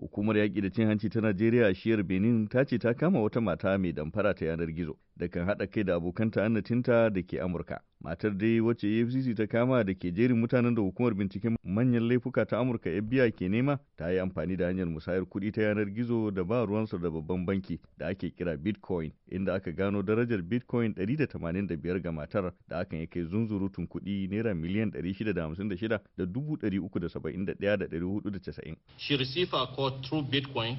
Hukumar yaƙi da cin hanci ta Najeriya a shiyar Benin ta ce ta kama wata mata mai damfara ta yanar gizo da kan haɗa kai da abokanta annatinta da ke Amurka. matar dai wacce efcc ta kama da ke jerin mutanen da hukumar binciken manyan laifuka ta amurka fbi ke nema ta yi amfani da hanyar musayar kuɗi ta yanar gizo da ba ruwansa da babban banki da ake kira bitcoin inda aka gano darajar bitcoin 185 ga matar da aka ya kai zunzurutun kuɗi naira miliyan 656 da 371,490 she received a call through bitcoin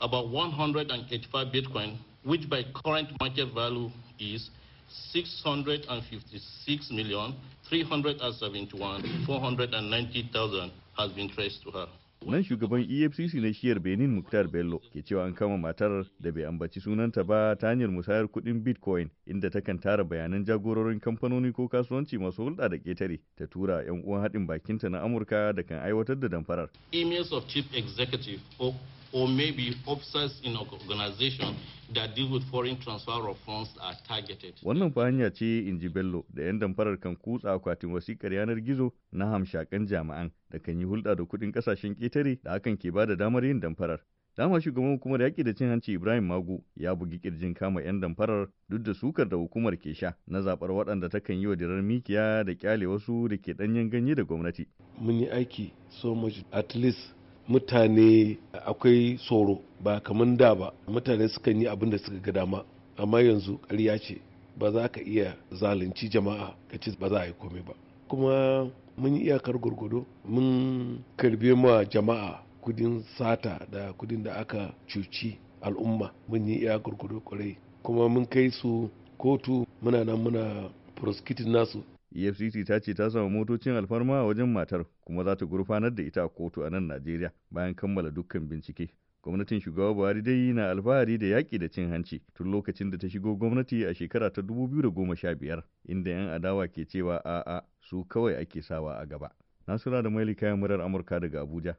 about 185 bitcoin which by current market value is 656,371,490,000 has been traced to her. Nan shugaban EFCC na shiyar Benin Muktar Bello ke cewa an kama matar da bai ambaci sunanta ba ta hanyar musayar kuɗin Bitcoin inda takan tara bayanan jagororin kamfanoni ko kasuwanci masu hulɗa da ƙetare ta tura 'yan uwan haɗin bakinta na Amurka da kan aiwatar da damfarar. Emails of chief executive or or maybe officers in organization that deal with foreign transfer of funds are targeted. Wannan fa hanya ce in ji Bello da 'yan damfarar kan kutsa akwatin wasikar yanar gizo na hamshakan jami'an da kan yi hulɗa da kuɗin ƙasashen ƙetare da hakan ke bada damar yin damfarar. Dama shugaban hukumar yaƙi da cin hanci Ibrahim Magu ya bugi ƙirjin kama 'yan damfarar duk da sukar da hukumar ke sha na zaɓar waɗanda ta kan yi wa dirar mikiya da ƙyale wasu da ke ɗanyen ganye da gwamnati. Mun yi aiki so much at least mutane akwai tsoro ba kamar da ba mutane sukan yi abin da suka ga dama amma yanzu ƙarya ce ba za ka iya zalunci jama'a ka ce ba za a yi komai ba kuma mun yi iyakar gwargwado mun karbe ma jama'a kudin sata da kudin da aka cuci al'umma mun yi iya gwargwado kwarai kuma mun kai su kotu muna nan muna prosecuting nasu EFCC ta ce ta samu motocin alfarma a wajen matar kuma za ta gurfanar da ita a kotu a nan Najeriya bayan kammala dukkan bincike. Gwamnatin shugaba Buhari dai na alfahari da yaƙi da cin hanci tun lokacin da ta shigo gwamnati a shekara ta 2015 inda 'yan adawa ke cewa a'a su kawai ake sawa a gaba. Nasura da Maili kayan murar Amurka daga Abuja,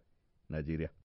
Najeriya.